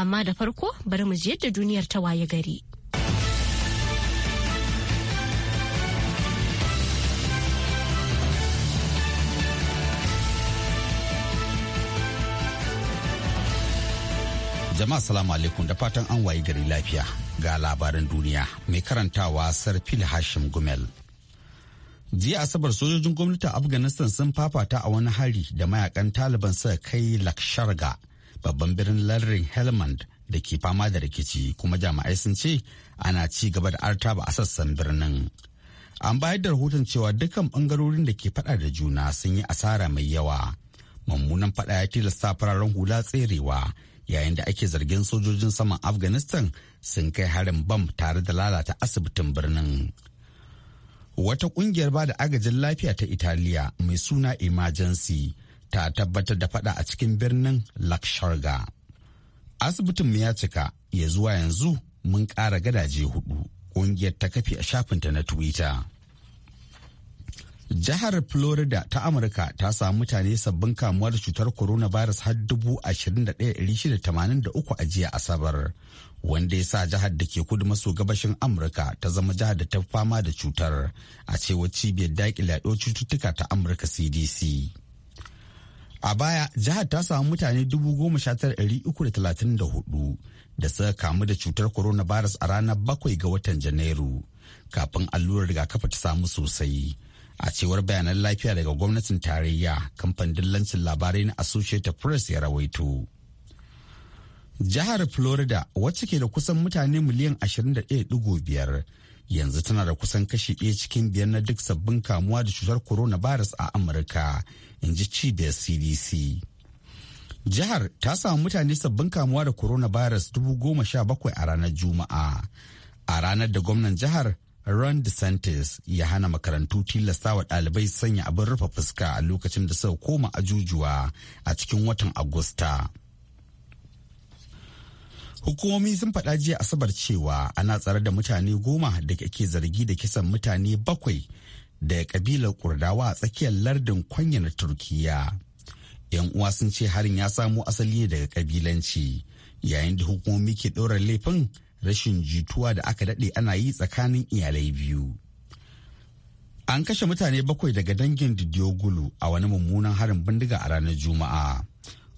amma da farko bari mu yadda duniyar ta waye gari. Jama'a salamu alaikum da fatan an wayi gari lafiya ga labaran duniya mai karantawa sarfil Hashim Gumel. Jiya Asabar sojojin gwamnatin Afghanistan sun fafata a wani hari da mayakan Taliban suka kai Laksharga babban birnin lardin helmand da ke fama da rikici kuma jama'ai sun ce ana ci gaba da arta ba a sassan birnin an bayar da rahoton cewa dukkan bangarorin da ke fada da juna sun yi asara mai yawa mummunan fada ya tilasta fararen hula tserewa yayin da ake zargin sojojin saman afghanistan sun kai harin bam tare da lalata asibitin birnin wata kungiyar ba da agajin lafiya ta italiya mai suna emergency ta tabbatar da fada a cikin birnin Lakshorga. asibitinmu ya cika ya zuwa yanzu mun ƙara gadaje hudu ƙungiyar ta kafi a shafinta na twitter jihar florida ta amurka ta samu mutane sabbin kamuwa da cutar coronavirus har 21,683 a jiya asabar wanda ya sa jihar da ke kudu maso gabashin amurka ta zama jihar da ta fama da cutar a cewar cibiyar daƙile cututtuka ta amurka cdc A baya, jihar ta samu mutane 19,334 da suka kamu da cutar coronavirus a ranar bakwai ga watan Janairu, kafin allurar rigakafi ta samu sosai. A cewar bayanan lafiya daga gwamnatin tarayya, kamfanin dillancin labarai na Associated Press ya rawaito. Jihar Florida, wacce ke da kusan mutane miliyan 21.5, yanzu tana da kusan kashi ɗaya cikin biyar na duk sabbin kamuwa da cutar coronavirus a Amurka. in ji cibiyar cdc jihar ta samu mutane sabbin kamuwa da coronavirus bakwai a ranar juma'a a ranar da gwamnan jihar ron desantis ya hana makarantu tilasta wa dalibai sanya abin rufe fuska a lokacin da suka koma ajujuwa a cikin watan agusta hukumomi sun faɗa jiya asabar cewa ana tsare da mutane goma da ke zargi da kisan mutane bakwai da kabilar kurdawa a tsakiyar lardin kwanya na turkiya yan uwa sun ce harin ya samo asali ne daga kabilanci yayin da hukumomi ke ɗora laifin rashin jituwa da aka daɗe ana yi tsakanin iyalai biyu an kashe mutane bakwai daga dangin didiogulu a wani mummunan harin bindiga a ranar juma'a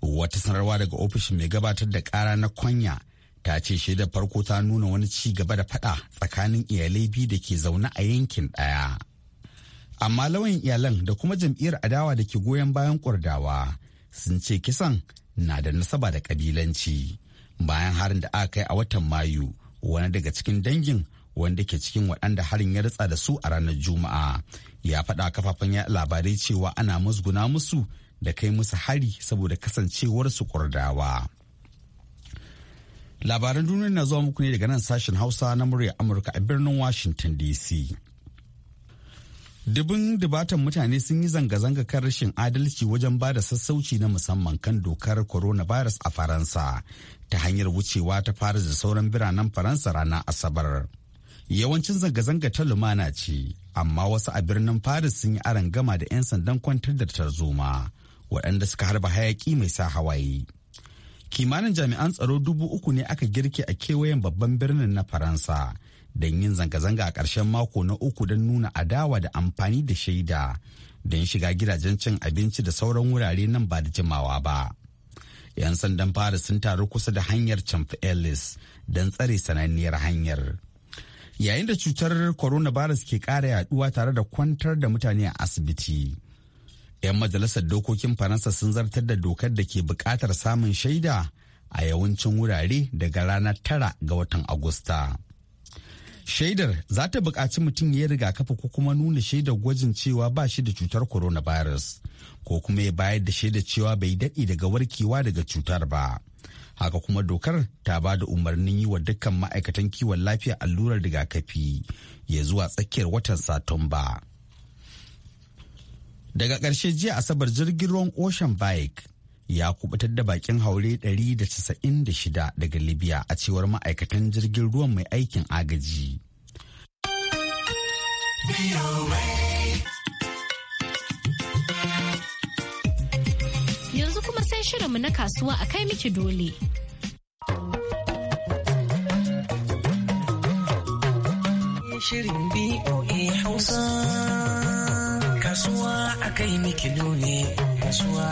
wata sanarwa daga ofishin mai gabatar da kara na kwanya ta ce shaidar farko ta nuna wani ci gaba da faɗa. tsakanin iyalai biyu da ke zaune a yankin ɗaya. amma lawan iyalan da kuma jam'iyyar adawa da ke goyon bayan kurdawa sun ce kisan na da nasaba da kabilanci bayan harin da aka kai a watan mayu wani daga cikin dangin wanda ke cikin waɗanda harin ya ritsa da su a ranar juma'a ya faɗa kafafen ya labarai cewa ana musguna musu da kai musu hari saboda kasancewar su kurdawa labaran duniya na zuwa muku ne daga nan sashen hausa na murya amurka a birnin washington dc Dubin dubatan mutane sun yi zanga-zanga kan rashin adalci wajen ba da sassauci na musamman kan dokar coronavirus a Faransa ta hanyar wucewa ta fara da sauran biranen Faransa ranar Asabar. Yawancin zanga-zanga ta lumana ce, amma wasu a birnin Faris sun yi aron gama da 'yan sandan kwantar da tarzoma, waɗanda suka harba hayaƙi mai sa hawaye. Kimanin jami'an tsaro dubu uku ne aka girke a kewayen babban birnin na Faransa. don yin zanga-zanga a ƙarshen mako na uku don nuna adawa da amfani da shaida don shiga gidajen cin abinci da sauran wurare nan ba da jimawa ba. 'Yan sandan Paris sun taru kusa da hanyar Champ Ellis don tsare sananniyar hanyar. Yayin da cutar coronavirus ke ƙara yaduwa tare da kwantar da mutane a asibiti. 'Yan majalisar dokokin Faransa sun zartar da dokar da ke buƙatar samun shaida a yawancin wurare daga ranar tara ga watan Agusta. Shaidar za ta buƙaci mutum ya riga-kafa ko kuma nuna shaidar gwajin cewa ba shi da cutar coronavirus ko kuma ya bayar da shaidar cewa bai daɗe daga warkewa daga cutar ba. Haka kuma dokar ta ba da umarnin yi wa dukkan ma'aikatan kiwon lafiya allurar rigakafi ya zuwa tsakiyar watan Satumba. Daga ƙarshe jiya Asabar jirgin ruwan Ocean Bike ya kubutar da bakin haure 196 daga libya a cewar ma'aikatan jirgin ruwan mai aikin agaji yanzu kuma sai shirinmu na kasuwa a kai miki dole shirin BOA Hausa kasuwa a kai miki dole kasuwa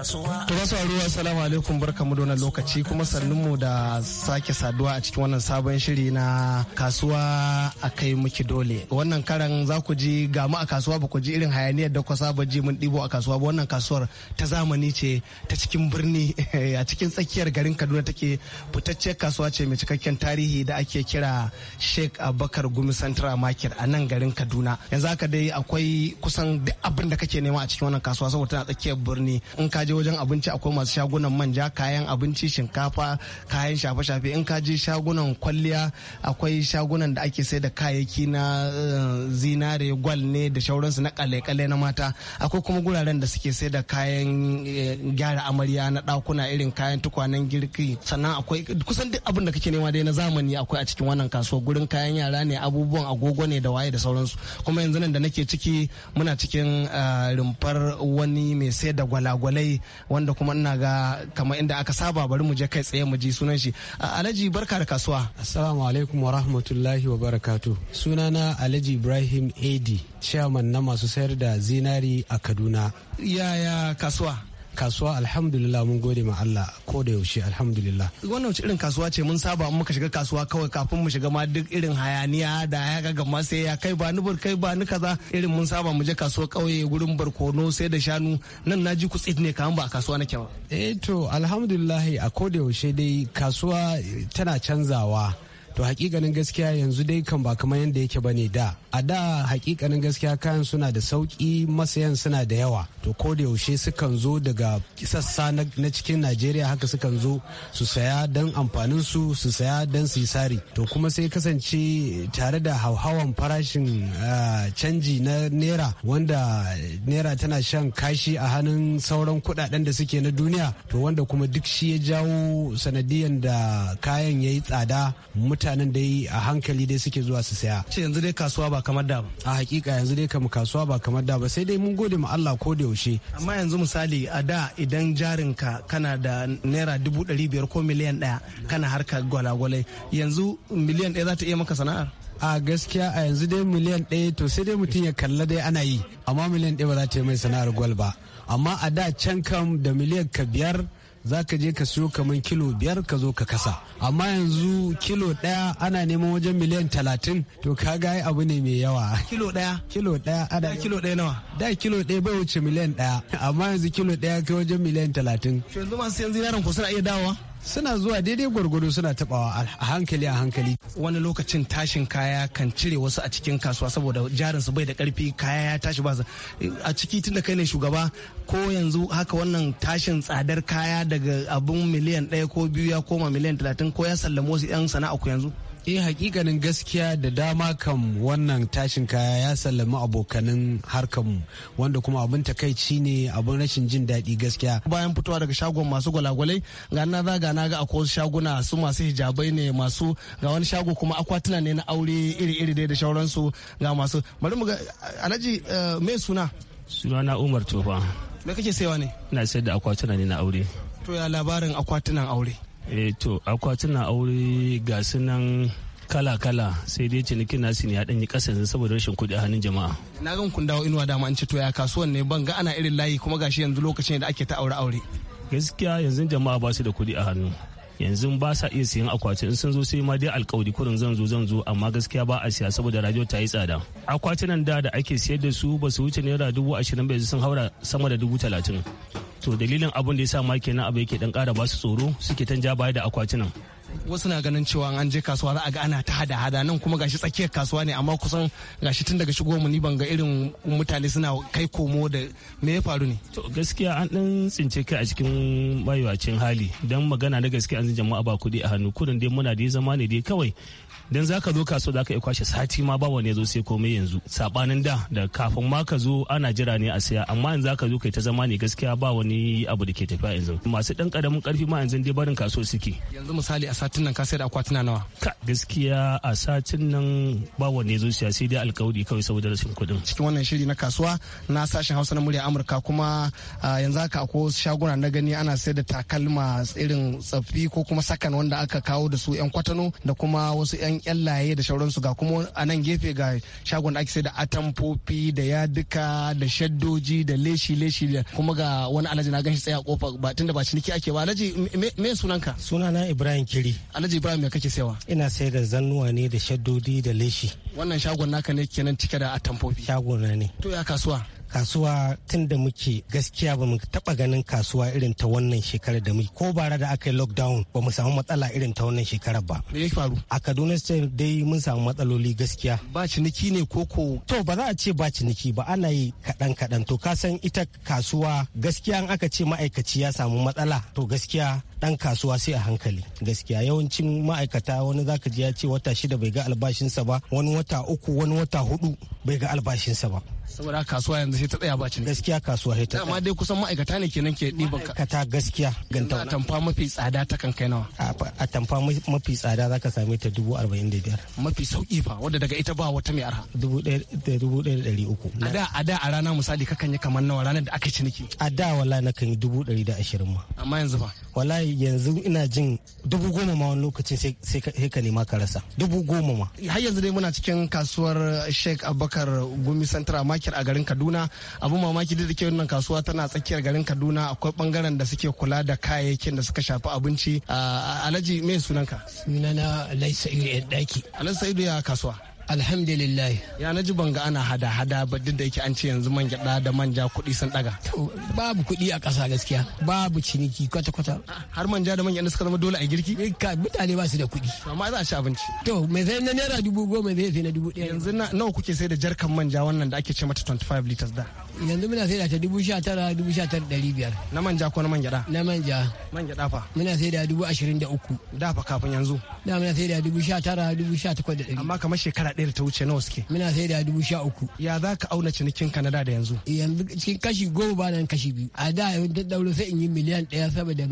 kasuwa. To masu ruwa salamu alaikum barkamu da wannan lokaci kuma mu da sake saduwa a cikin wannan sabon shiri na kasuwa a kai muki dole. Wannan karan za ku ji ga mu a kasuwa ba ku ji irin hayaniyar da ku saba ji mun ɗibo a kasuwa ba wannan kasuwar ta zamani ce ta cikin birni a cikin tsakiyar garin Kaduna take fitacciyar kasuwa ce mai cikakken tarihi da ake kira Sheikh Abubakar Gumi Central Market a nan garin Kaduna. Yanzu haka dai akwai kusan duk abin da kake nema a cikin wannan kasuwa saboda tana tsakiyar birni in ka je wajen abinci akwai masu shagunan manja kayan abinci shinkafa kayan shafe-shafe in ka je shagunan kwalliya akwai shagunan da ake sai da kayayyaki na eh, zinare gwal ne da shauransu na kale-kale na mata akwai kuma guraren da suke sai da kayan eh, gyara amarya na dakuna irin kayan tukwanen girki sannan akwai kusan duk abin da kake nema dai na zamani akwai a cikin wannan kasuwa gurin kayan yara ne abubuwan agogo ne da waye da sauransu kuma yanzu nan da nake ciki muna cikin eh, rumfar wani mai sai da gwalagwalai wanda kuma ina ga kamar inda aka saba bari mu je kai tsaye mu ji sunan shi alhaji barka da kasuwa assalamu alaikum wa rahmatullahi wa barakatu sunana alhaji ibrahim ad chairman na masu sayar da zinari a kaduna yaya kasuwa kasuwa alhamdulillah mun gode ma Allah ko da yaushe alhamdulillah wannan wace irin kasuwa ce mun saba mun ka shiga kasuwa kawai kafin mu shiga ma duk irin hayaniya da ya ga gama sai ya kai ba ni kai ba ni kaza irin mun saba mu je kasuwa kauye gurin barkono sai da shanu nan naji kutsit ne kaman ba kasuwa nake ba eh to alhamdulillah a ko da yaushe dai kasuwa tana canzawa to hakikanin gaskiya yanzu dai kan ba kamar yadda yake bane da a da hakikanin gaskiya kayan suna da sauki masayan suna da yawa to ko da yaushe sukan zo daga sassa na cikin najeriya haka sukan zo su saya don amfanin su su saya don su yi sari to kuma sai kasance tare da hauhawan farashin ah, canji na naira wanda naira tana shan kashi a hannun sauran kudaden da suke na duniya to wanda kuma duk shi ya jawo sanadiyan da kayan ya yi tsada mutanen da a hankali dai suke zuwa su saya yanzu dai kasuwa ba ba kamar da ba a hakika yanzu dai kamu kasuwa ba kamar da ba sai dai mun gode ma Allah ko da yaushe amma yanzu misali a da idan jarinka kana da naira dubu ɗari biyar ko miliyan ɗaya kana harka gwalagwale yanzu miliyan ɗaya za ta iya maka sana'ar a gaskiya a yanzu dai miliyan ɗaya to sai dai mutum ya kalla dai ana yi amma miliyan ɗaya ba za ta yi mai sana'ar gwal ba amma a da can kam da miliyan ka biyar za ka je ka siyo kamar kilo biyar ka zo ka kasa amma yanzu kilo ɗaya ana neman wajen miliyan talatin to ka ga abu ne mai yawa kilo ɗaya kilo ɗaya ada kilo ɗaya nawa da kilo ɗaya bai wuce miliyan ɗaya amma yanzu kilo ɗaya kai wajen miliyan talatin yanzu masu yanzu yaran kusa iya dawowa suna zuwa daidai gwargwado suna tabawa a hankali a hankali wani lokacin tashin kaya kan cire wasu a cikin kasuwa saboda jarin su bai da karfi kaya ya tashi ba a ciki tun da kai ne shugaba ko yanzu haka wannan tashin tsadar kaya daga abun miliyan ɗaya ko biyu ya koma miliyan talatin ko ya sallamo wasu yan sana'a ku yanzu eh hakikanin gaskiya da dama kam wannan tashin kaya ya sallami abokanin mu, wanda kuma abin takaici ne abin rashin jin daɗi gaskiya bayan fitowa daga shagon masu gwalagwalai ga na za ga na ga akwai shaguna su masu hijabai ne masu ga wani shago kuma akwatuna ne na aure iri-iri dai da shauransu ga masu bari mu ga alhaji eh, me suna sunana umar tofa me kake sayawa ne ina sayar da akwatuna ne na aure to ya labarin akwatunan aure e to akwatunan aure ga sunan kala-kala sai dai cinikin nasu ne ya ɗanyi ƙasa yanzu saboda rashin kuɗi a hannun jama'a. Na gan kun dawo inuwa dama an ce to ya kasuwan ne ban ga ana irin layi kuma gashi yanzu lokacin da ake ta aure aure. Gaskiya yanzu jama'a ba su da kuɗi a hannu yanzu ba sa iya siyan akwati in sun zo sai ma dai alkawari kurin zan zo zan zo amma gaskiya ba a siya saboda radio ta yi tsada akwatunan da da ake siyar da su ba su wuce naira dubu ashirin ba sun haura sama da dubu talatin to dalilin abin da ya sa ma kenan abu yake dan kara ba su tsoro suke tan baya da akwatunan wasu na ganin cewa an je kasuwa za a ga ana ta hada hada nan kuma gashi tsakiyar kasuwa ne amma kusan gashi tun daga shigo mu ni ban ga irin mutane suna kai komo da me ya faru ne to gaskiya an dan tsince kai a cikin mayuwacin hali dan magana na gaskiya an jama'a ba kudi a hannu kudin dai muna da zama ne dai kawai dan ka zo kasuwa zaka yi kwashe sati ma ba wani ya zo sai komai yanzu sabanin da da kafin ma ka zo ana jira ne a siya amma yanzu ka zo kai ta zama ne gaskiya ba wani abu da ke tafiya yanzu masu dan karamin karfi ma yanzu dai barin kasuwa suke yanzu misali a satin nan ka sayar akwatuna nawa ka gaskiya a satin nan ba wani ya zo siya sai dai alkawari kawai saboda rashin kuɗin cikin wannan shiri na kasuwa na sashen Hausa na murya Amurka kuma yanzu haka akwai shaguna na gani ana sayar da takalma irin tsaffi ko kuma sakan wanda aka kawo da su yan kwatano da kuma wasu yan yan kyallaye da shauransu ga kuma a nan gefe ga shagon da ake sai da atamfofi da yaduka da shaddoji da leshi leshi da kuma ga wani alaji na ganshi tsaye a kofa ba tunda ba ciniki ake ba alaji me sunanka sunana ibrahim kiri alaji ibrahim me kake sayawa ina sayar da zannuwa ne da shaddodi da leshi wannan shagon naka ne kenan cike da atamfofi shagon ne to ya kasuwa kasuwa tun da muke gaskiya ba mu taba ganin kasuwa irin ta wannan shekarar da muke ko bara da aka yi lockdown ba mu samu matsala irin ta wannan shekarar ba me yake faru a Kaduna state dai mun samu matsaloli gaskiya ba ciniki ne ko ko to ba za a ce ba ciniki ba ana yi kaɗan kaɗan to ka san ita kasuwa gaskiya in aka ce ma'aikaci ya samu matsala to gaskiya dan kasuwa sai a hankali gaskiya yawancin ma'aikata wani zaka ji ya ce wata shida bai ga albashinsa ba wani wata uku wani wata hudu bai ga albashinsa ba saboda kasuwa yanzu sai ta tsaya ba ciniki gaskiya kasuwa sai ta amma dai kusan ma'aikata ne kenan ke ɗiban ka kata gaskiya ganta tamfa mafi tsada ta kan kai nawa a tamfa mafi tsada zaka same ta dubu arba'in da biyar mafi sauki fa wadda daga ita ba wata mai arha dubu ɗaya da dubu ɗaya da ɗari uku a da a da a rana misali kakan yi kamar nawa ranar da aka ciniki a da wallahi na kan yi dubu ɗari da ashirin ma amma yanzu fa wallahi yanzu ina jin dubu goma ma wani lokacin sai ka nema ka rasa dubu goma ma har yanzu dai muna cikin kasuwar Sheikh abubakar gumi santra supermarket a garin kaduna abin mamaki da ke wannan kasuwa tana tsakiyar garin kaduna akwai bangaren da suke kula da kayayyakin da suka shafi abinci ah, alhaji me sunanka sunana alhaji sa'idu ya daki alhaji sa'idu ya kasuwa alhamdulillah ya na ji banga ana hada-hada ba duk da yake an ce yanzu man gyada da manja kuɗi sun daga babu kuɗi a ƙasa gaskiya babu ciniki kwata-kwata har manja da manja suka zama dole a girki eh, mutane ba su da kuɗi amma za a ci abinci to me zai na naira dubu goma zai sai na dubu ɗaya yanzu nawa kuke sai da jarkan manja wannan da ake ce mata 25 liters da yanzu muna sai da ta dubu sha tara dubu sha tara ɗari biyar. Na manja ko na man gyaɗa? Na manja. Man gyaɗa fa? Muna sai da dubu ashirin da uku. Da fa kafin yanzu? Na muna sai da dubu sha tara dubu sha takwas da ɗari. Amma kamar shekara ɗaya da ta wuce nawa suke? Muna sai da dubu sha uku. Ya za ka auna cinikin Kanada da yanzu? Yanzu cikin kashi goma ba nan kashi biyu. A da yau ta ɗauro sai in yi miliyan ɗaya saboda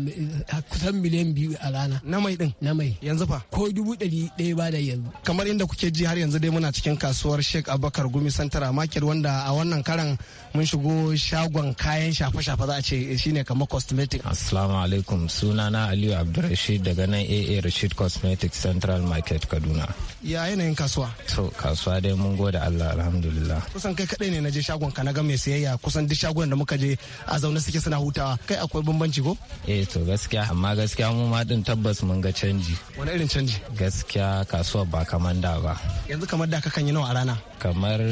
kusan miliyan biyu a rana. Na mai ɗin? Na mai. Yanzu fa? Ko dubu ɗari ɗaya ba da yanzu. Kamar inda kuke ji har yanzu dai muna cikin kasuwar Sheikh Abubakar Gumi Santara Market wanda a wannan karan mun shigo shagon kayan shafe-shafe za a ce eh, shine kamar cosmetic assalamu alaikum sunana aliyu abdulrashid daga nan aa rashid cosmetic central market kaduna ya yanayin kasuwa so kasuwa dai mun gode allah alhamdulillah kusan kai kadai ne na je shagon ka na ga mai siyayya kusan duk shagon da muka je a zaune suke suna hutawa kai akwai bambanci ko eh to gaskiya amma gaskiya mu ma din tabbas mun ga canji wani irin canji gaskiya kasuwa ba kamar da ba yanzu kamar da ka kan yi nawa a rana kamar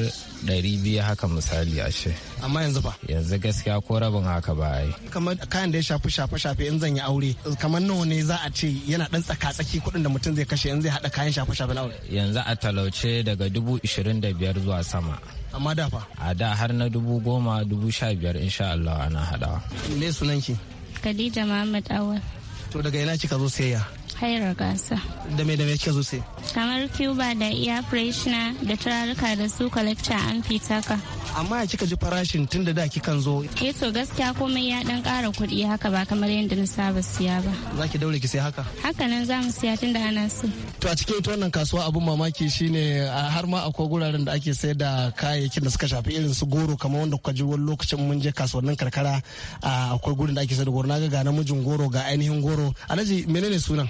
ɗari biyu haka misali a ce. Amma yanzu ba? Yanzu gaskiya ko rabin haka ba ai. Kamar kayan da ya shafi shafe-shafe in zan yi aure kamar nawa ne za a ce yana ɗan tsaka-tsaki kuɗin da mutum zai kashe in zai haɗa kayan shafe-shafe na aure. Yanzu a talauce daga dubu ishirin da biyar zuwa sama. Amma da fa? A da har na dubu goma dubu sha biyar insha Allah ana haɗawa. Me ki? Khadija Muhammad Awal. To daga ina kika zo sayayya? hairar gasa. Da me da me kika zo Kamar Cuba da air freshener da turaruka da su collector an fitaka. Amma ya kika ji farashin tun da da kikan zo? Eh to gaskiya komai ya dan ƙara kuɗi haka ba kamar yadda na saba siya ba. Za ki daure ki sai haka? Haka nan za mu siya tun da ana so. To a cikin ita wannan kasuwa abun mamaki shine har ma akwai guraren da ake sayar da kayayyakin da suka shafi irin su goro kamar wanda kuka ji wani lokacin mun je kasuwannin karkara akwai gurin da ake sayar da goro na ga namijin goro ga ainihin goro alhaji menene sunan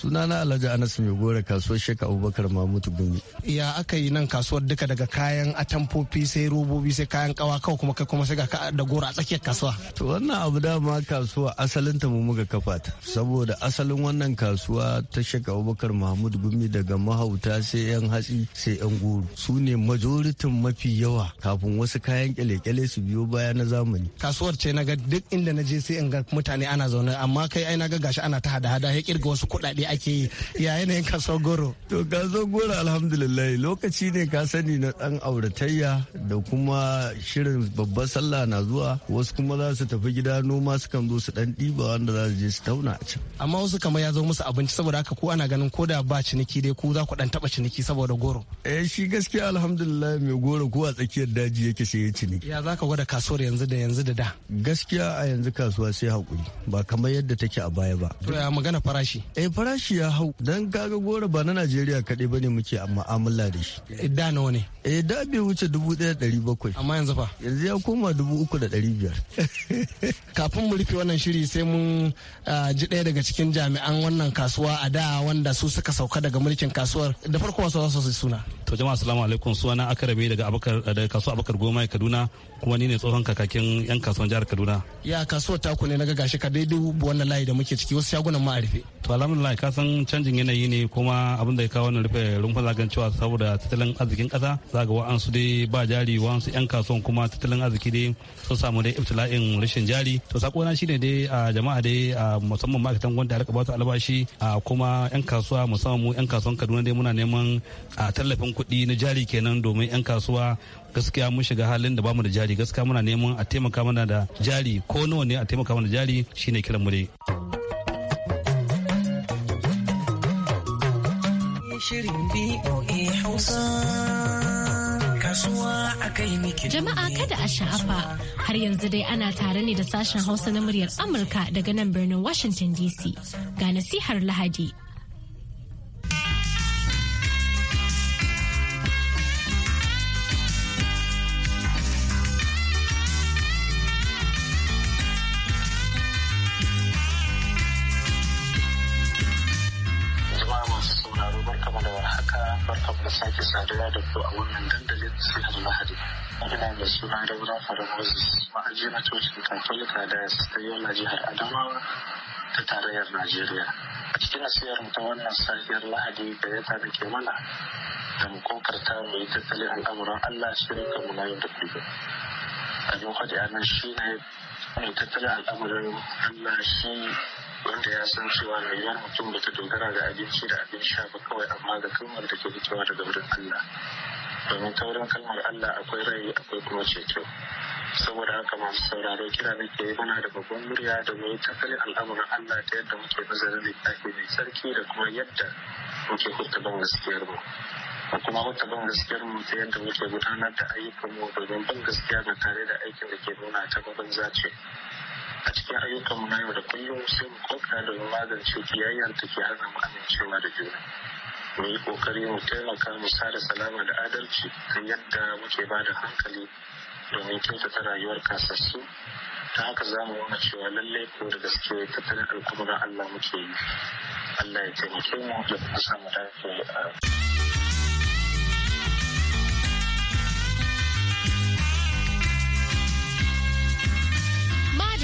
sunana alhaji anas mai gora kasuwar sheka abubakar mamutu gumi ya aka yi nan kasuwar duka daga kayan atamfofi sai robobi sai kayan kawa kawai kuma kai kuma sai ga da gora a tsakiyar kasuwa to wannan abu da ma kasuwa asalin ta mu muka kafa ta saboda asalin wannan kasuwa ta shek abubakar mahmud gumi daga mahauta sai yan hatsi sai yan goro su ne majoritin mafi yawa kafin wasu kayan kyale-kyale su biyo baya na zamani kasuwar ce na ga duk inda na je sai in ga mutane ana zaune amma kai ai na ga gashi ana ta hada-hada ya kirga wasu kuɗaɗe zaɓe ake yi ya yanayin kaso goro. To kaso goro alhamdulillah lokaci ne ka sani na ɗan auratayya da kuma shirin babbar sallah na zuwa wasu kuma za su tafi gida noma sukan zo su ɗan ɗiba wanda za su je su tauna a can. Amma wasu kamar ya zo musu abinci saboda haka ko ana ganin ko da ba ciniki dai ku za ku ɗan taɓa ciniki saboda goro. Eh shi gaskiya alhamdulillah mai goro ko a tsakiyar daji yake sai ya ciniki. Ya za ka gwada kasuwar yanzu da yanzu da da. Gaskiya a yanzu kasuwa sai haƙuri ba kamar yadda take a baya ba. To ya magana farashi. Eh farashi farashi ya hau don kaga goro ba na Najeriya kaɗai ne muke mu'amala da shi. Eh, da nawa ne? Eh da bai wuce dubu ɗaya ɗari bakwai. Amma yanzu fa? Yanzu ya koma dubu uku da ɗari biyar. Kafin mu rufe wannan shiri sai mun ah, ji ɗaya daga cikin jami'an wannan kasuwa a da wanda su suka sauka daga mulkin kasuwar da farko wasu wasu suna. to jama'a assalamu alaikum suna akarabe daga abakar daga kasuwa abakar goma kaduna kuma ni ne tsohon kakakin yan kasuwan jihar kaduna ya kasuwar ta ne naga gashi ka daidai wannan layi da muke ciki wasu shagunan ma a rufe to alhamdulillah ka san canjin yanayi ne kuma abin da ya kawo wannan rufe rumfan zagan cewa saboda tattalin arzikin kasa zaga wa'ansu dai ba jari wa'ansu yan kasuwan kuma tattalin arziki dai sun samu dai ibtila'in rashin jari to sako na shine dai a jama'a dai musamman ma'aikatan gwamnati a rika ba su albashi kuma yan kasuwa musamman mu yan kasuwan kaduna dai muna neman tallafin kuɗi na jari kenan domin 'yan kasuwa gaskiya mun shiga halin da bamu da jari gaskiya muna neman a taimaka mana da jari ko nawa ne a taimaka mana da jari shine kiran mu dai. Jama'a kada a sha'afa har yanzu dai ana tare ne da sashen Hausa na muryar Amurka daga nan birnin Washington DC ga nasihar Lahadi saduwa da ku a wannan dandalin sihar lahadi ina da suna dauran fara moses ma'aji na cocin katolika da ta yola jihar adamawa ta tarayyar najeriya a cikin asiyar ta wannan safiyar lahadi da ya tada ke mana da mu kokarta mu yi tattalin al'amuran allah shi ne na yau da kullum abin kwaɗi a shi ne mai tattalin al'amuran allah shi wanda ya san cewa rayuwar mutum ba ta dogara ga abinci da abin sha ba kawai amma ga kalmar da ke fitowa daga wurin Allah domin ta wurin kalmar Allah akwai rai akwai kuma ceto saboda haka masu sauraro kira da ke muna da babban murya da mu ta kare al'amuran Allah ta yadda muke nazarin littafi mai sarki da kuma yadda muke hutuban gaskiyar mu da kuma wata ban gaskiyar mu ta yadda muke gudanar da ayyukan mu domin ban gaskiya ba tare da aikin da ke nuna ta babban zace. a cikin ayyukan mu na yau da kullum sai mu kwafta mu magance kiyayyar ta ke hana mu amincewa da juna mu yi ƙoƙari, mu taimaka mu sada salama da adalci ta yadda muke ba da hankali domin kyautata rayuwar kasassu ta haka za mu nuna cewa lallai ko da gaske tattalin alkumuran Allah muke yi Allah ya taimake mu da kuma samu a.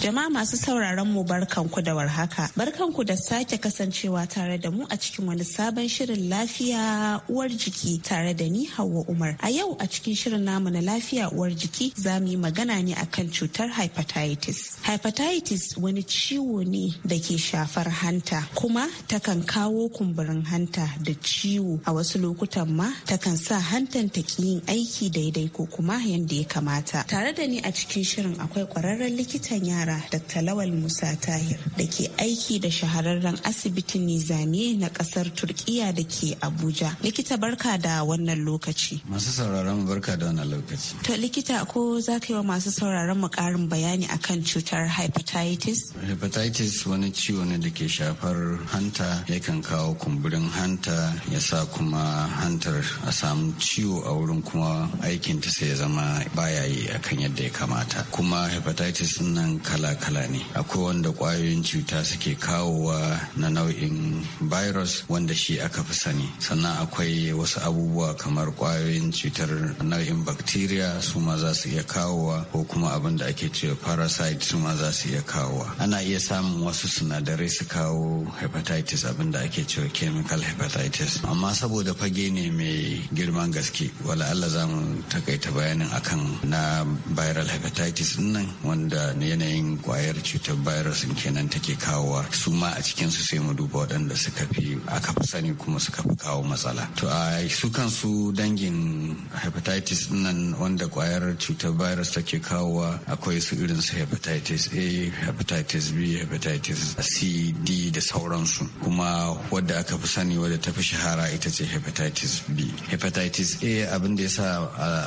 Jama'a masu sauraron mu barkanku da warhaka. Barkanku da sake kasancewa tare da mu a cikin wani sabon shirin lafiya uwar jiki tare da ni Hauwa Umar. A yau a cikin shirin namu na lafiya uwar jiki za mu yi magana ne akan cutar hepatitis. Hepatitis wani ciwo ne da ke shafar hanta kuma takan kawo kumburin hanta da ciwo a wasu lokutan ma takan sa hantan ta ki yin aiki daidai ko kuma yadda ya kamata. Tare da ni a cikin shirin akwai kwararren likitan yara yara Dr. Lawal Musa Tahir da ke aiki da shahararren asibitin Nizami na kasar Turkiya da ke Abuja. Likita barka da wannan lokaci. Masu sauraron mu barka da wannan lokaci. To likita ko za ka yi wa masu sauraron mu karin bayani akan cutar hepatitis? Hepatitis wani ciwo ne da ke shafar hanta yakan kawo kumburin hanta ya sa kuma hantar a samu ciwo a wurin kuma aikinta sai ya zama baya yi akan yadda ya kamata. Kuma hepatitis nan kala kala-kala ne akwai wanda kwayoyin cuta suke kawowa na nau'in virus wanda shi aka fi sani sannan akwai wasu abubuwa kamar kwayoyin cutar nau'in bacteria su ma za su iya kawowa ko kuma abin da ake cewa parasite su ma za su iya kawowa ana iya samun wasu sinadarai su kawo hepatitis abin da ake cewa chemical hepatitis amma saboda fage ne mai girman gaske wala Allah za mu takaita bayanin akan na viral hepatitis nan wanda yanayin kwayar cutar virus kenan take kawowa su ma a cikin su sai mu duba waɗanda suka fi aka fi sani kuma suka fi kawo matsala to a su kansu dangin hepatitis nan wanda kwayar cutar virus take kawowa akwai su irin su hepatitis a hepatitis b hepatitis c d da sauransu kuma wadda aka fi sani wadda ta fi shahara ita ce hepatitis b hepatitis a abin da ya sa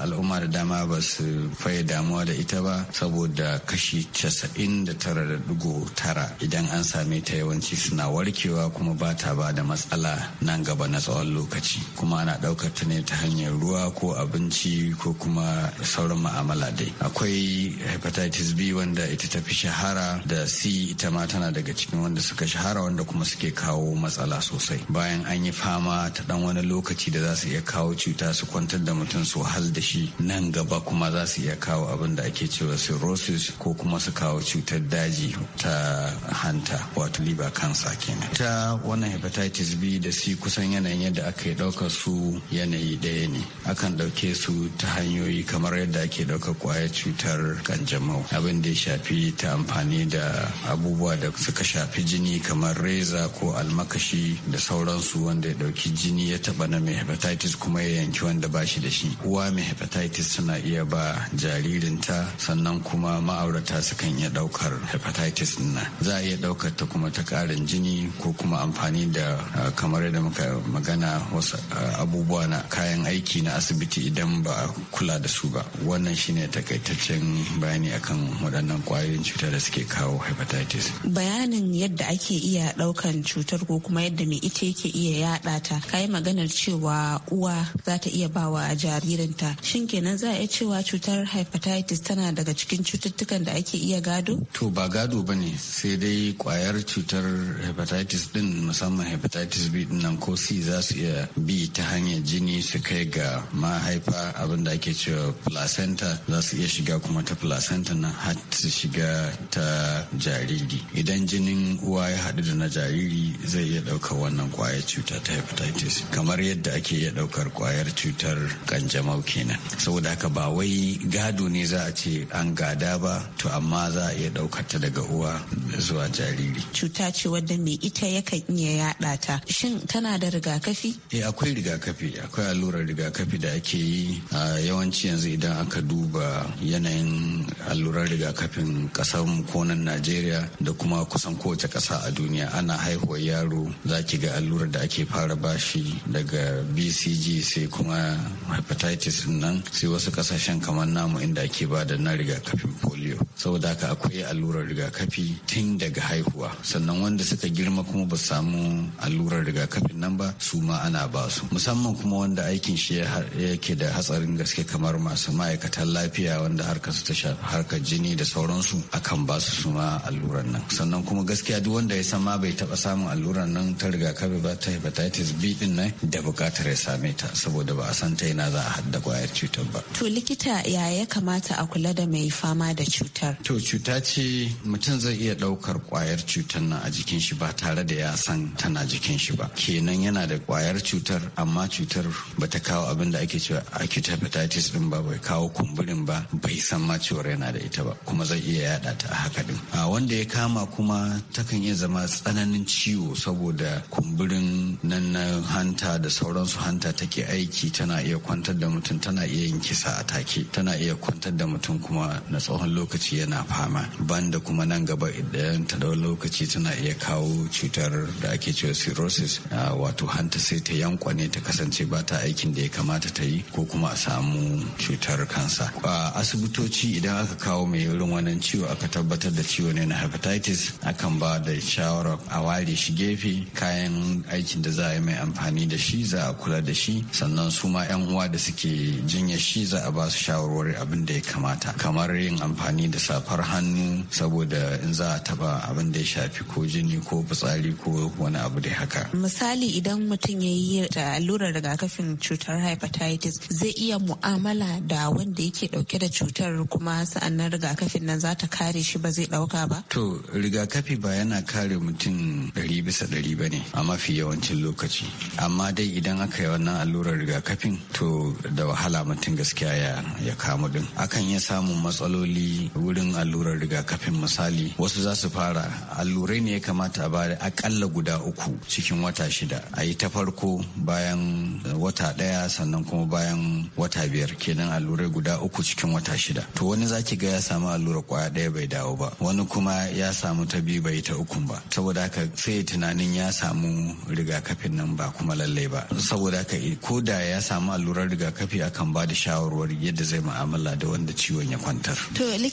al'umma da dama ba su faye damuwa da ita ba saboda kashi 99.9 idan an same ta yawanci suna warkewa kuma ba ta ba da matsala nan gaba na tsawon lokaci kuma ana ɗaukar ta ne ta hanyar ruwa ko abinci ko kuma sauran ma'amala dai akwai hepatitis b wanda ita ta fi shahara da c ita ma tana daga cikin wanda suka shahara wanda kuma suke kawo matsala sosai bayan an yi fama ta dan wani lokaci da za su iya kawo cuta su kwantar da mutum su hal da shi nan gaba kuma za su iya kawo abin da ake cewa cirrhosis ko kuma su kawo cutar daji ta hanta wato liver cancer kenan ta wannan hepatitis b da c kusan yanayin yadda aka yi ɗaukar su yanayi ɗaya ne akan ɗauke su ta hanyoyi kamar yadda ake ɗaukar kwayar cutar kanjamau abin da ya shafi ta amfani da abubuwa da suka shafi jini kamar reza ko almakashi da sauransu wanda ya ɗauki jini ya taɓa na mai hepatitis kuma ya yanki wanda ba shi da shi uwa mai hepatitis suna iya ba jaririnta sannan kuma ma'aurata sukan iya daukar hepatitis na za a iya daukar ta kuma ta karin jini ko kuma amfani da kamar da muka magana wasu abubuwa na kayan aiki na asibiti idan ba a kula da su ba wannan shine takaitaccen bayani akan waɗannan kwayoyin cutar da suke kawo hepatitis bayanin yadda ake iya daukan cutar ko kuma yadda mai ita yake iya yada ta kayi maganar cewa uwa za ta iya bawa jaririnta shin kenan za a iya cewa cutar hepatitis tana daga cikin cututtukan da ake iya gado? To ba gado ba ne sai dai kwayar cutar hepatitis din musamman hepatitis B din nan ko C za su iya bi ta hanyar jini su kai ga mahaifa abinda ake cewa placenta za su iya shiga kuma ta placenta na har shiga ta jariri. Idan jinin uwa ya haɗu da na jariri zai iya ɗaukar wannan kwayar cuta ta hepatitis kamar yadda ake iya ɗaukar kwayar cutar kanjamau kenan. Saboda haka ba wai gado ne za a ce an gada ba to amma za za a iya ɗaukar ta daga uwa zuwa jariri. Cuta ce wadda mai ita yakan iya yaɗa ta. Shin tana da rigakafi? Eh akwai rigakafi akwai allurar rigakafi da ake yi a yawanci yanzu idan aka duba yanayin allurar rigakafin ƙasar mu ko nan Najeriya da kuma kusan kowace ƙasa a duniya ana haihuwar yaro za ki ga allurar da ake fara bashi daga BCG sai kuma hepatitis nan sai wasu ƙasashen kamar namu inda ake ba da na rigakafin polio saboda haka akwai allurar rigakafi tun daga haihuwa sannan wanda suka girma kuma ba samu allurar rigakafin nan ba su ma ana ba su musamman kuma wanda aikin shi yake da hatsarin gaske kamar masu ma'aikatan lafiya wanda harkar su ta shafi harkar jini da sauransu akan ba su su ma allurar nan sannan kuma gaskiya duk wanda ya san ma bai taba samun allurar nan ta rigakafi ba ta hepatitis B din nan da bukatar ya same ta saboda ba a san ta yana za a hadda kwayar cutar ba to likita ya ya kamata a kula da mai fama da cutar? To cuta ce mutum zai iya ɗaukar ƙwayar cutar nan a jikin shi ba tare da ya san tana jikin shi ba. Kenan yana da ƙwayar cutar amma cutar bata kawo abin da ake cewa acute hepatitis din ba bai kawo kumburin ba bai san ma cewar yana da ita ba kuma zai iya yada ta a haka din. A wanda ya kama kuma takan iya zama tsananin ciwo saboda kumburin nan na hanta da sauransu hanta take aiki tana iya kwantar da mutum tana iya yin kisa a take tana iya kwantar da mutum kuma na tsawon lokaci lokaci yana fama ban da kuma nan gaba idan ta dau lokaci tana iya kawo cutar da ake cewa cirrhosis wato hanta sai ta yankwa ne ta kasance ba ta aikin da ya kamata ta yi ko kuma a samu cutar kansa a asibitoci idan aka kawo mai irin wannan ciwo aka tabbatar da ciwo ne na hepatitis akan ba da shawara a ware shi gefe kayan aikin da za a yi mai amfani da shi za a kula da shi sannan su ma 'yan uwa da suke jinya shi za a ba su shawarwari abin da ya kamata kamar yin amfani amfani da safar hannu saboda in za a taba abin da ya shafi ko jini ko fitsari ko wani abu da haka misali idan mutum ya yi da allurar rigakafin cutar hepatitis zai iya mu'amala da wanda yake dauke da cutar kuma sa'annan rigakafin nan za ta kare shi ba zai dauka ba to rigakafi ba yana kare mutum ɗari bisa ɗari ba ne a mafi yawancin lokaci amma dai idan aka yi wannan allurar rigakafin to da wahala mutum gaskiya ya kamu din akan iya samun matsaloli wurin allurar rigakafin misali wasu za su fara allurai ne ya kamata a bada akalla guda uku cikin wata shida a yi ta farko bayan wata ɗaya sannan kuma bayan wata biyar kenan allurai guda uku cikin wata shida to wani zaki ga ya samu allura kwaya ɗaya bai dawo ba wani kuma ya samu ta biyu bai ta uku ba saboda haka sai tunanin ya samu rigakafin nan ba kuma lallai ba saboda haka ko da ya samu allurar rigakafi akan ba da shawarwari yadda zai mu'amala da wanda ciwon ya kwantar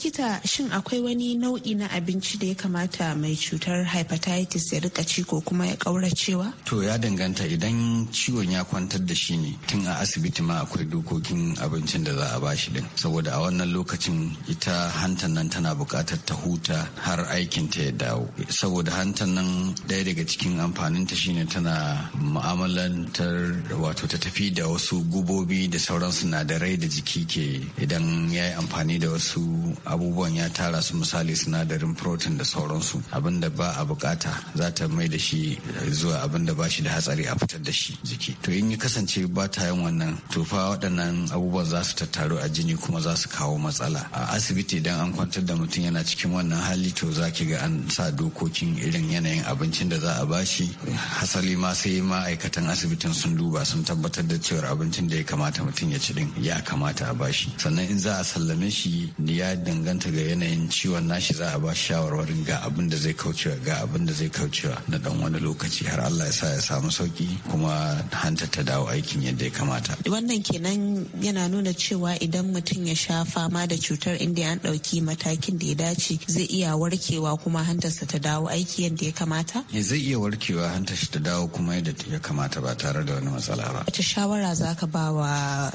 likita shin akwai wani nau'i na abinci da ya kamata mai cutar hepatitis ya rika ci ko kuma ya kauracewa to ya danganta idan ciwon ya kwantar da shi ne tun a asibiti ma akwai dokokin abincin da za a bashi din saboda a wannan lokacin ita hantan nan tana buƙatar ta huta har aikin ta ya dawo saboda hantan nan ɗaya daga cikin amfaninta shine tana mu'amalantar wato ta tafi da wasu gubobi da sauran sinadarai da jiki ke idan ya yi amfani da wasu abubuwan ya tara su misali sinadarin protein da sauransu abin da ba a bukata za ta mai da shi zuwa abin da ba shi da hatsari a fitar da shi jiki to in yi kasance ba ta yin wannan to fa waɗannan abubuwan za su tattaru a jini kuma za su kawo matsala a asibiti idan an kwantar da mutum yana cikin wannan hali to za ki ga an sa dokokin irin yanayin abincin da za a ba shi hasali ma sai ma'aikatan asibitin sun duba sun tabbatar da cewar abincin da ya kamata mutum ya ci din ya kamata a ba shi sannan in za a sallame shi ya danganta ga yanayin ciwon nashi za a ba shawarwarin ga abin da zai kaucewa ga abin da zai kaucewa na dan wani lokaci har Allah ya sa ya samu sauki kuma hanta ta dawo aikin yadda ya kamata. Wannan kenan yana nuna cewa idan mutum ya sha fama da cutar inda an ɗauki matakin da ya dace zai iya warkewa kuma hantarsa ta dawo aiki yadda ya kamata? Eh, zai iya warkewa hantar shi ta dawo kuma yadda ya kamata ba tare da wani matsala ba. Wace shawara za ka ba wa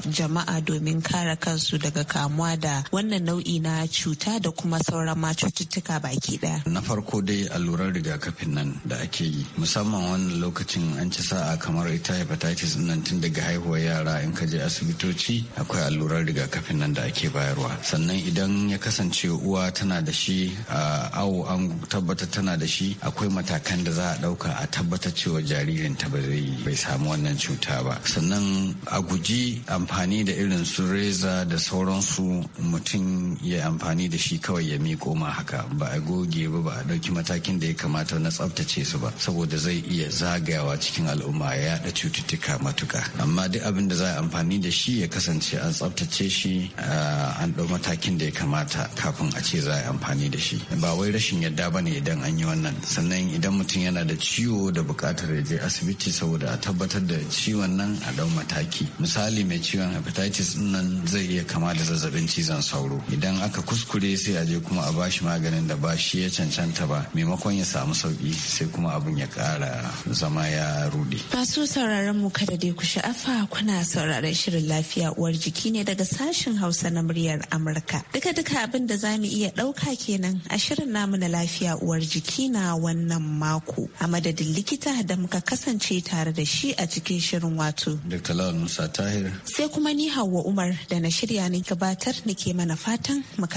jama'a domin kare kansu daga kamuwa da wannan nau'i na cuta da kuma sauran ma cututtuka baki daya. Na farko dai allurar rigakafin nan da ake yi musamman wannan lokacin an ci sa'a kamar ita hepatitis nan tun daga haihuwar yara in ka je asibitoci akwai allurar rigakafin nan da ake bayarwa. Sannan idan ya kasance uwa tana da shi a awo an tabbata tana da shi akwai matakan da za a ɗauka a tabbatar cewa jaririn ta ba zai bai samu wannan cuta ba. Sannan a guji amfani da irin su reza da sauransu mutum ya amfani da shi kawai ya miƙo ma haka ba a goge ba ba a ɗauki matakin da ya kamata na tsaftace su ba saboda zai iya zagayawa cikin al'umma ya yaɗa cututtuka matuka amma duk abin da za a amfani da shi ya kasance an tsaftace shi ah, an ɗau matakin da ya kamata kafin a ce za a amfani da shi ba wai rashin yadda ba ne idan an yi wannan sannan idan mutum yana da ciwo da buƙatar ya je asibiti saboda a tabbatar da ciwon nan a ɗau mataki misali mai ciwon hepatitis nan zai iya kama da zazzabin cizon sauro idan aka kuskure sai a je kuma a bashi maganin da ba shi ya cancanta ba maimakon ya samu sauki sai kuma abin ya kara zama ya rude. Masu sauraron mu kada dai ku sha'afa kuna sauraron shirin lafiya uwar jiki ne daga sashen Hausa na muryar Amurka. Duka duka abin da za mu iya ɗauka kenan a shirin namu na lafiya uwar jiki na wannan mako a madadin likita da muka kasance tare da shi a cikin shirin wato. Dr. Lawal Musa Tahir. Sai kuma ni Hauwa Umar da na shirya ni gabatar nake mana fatan muka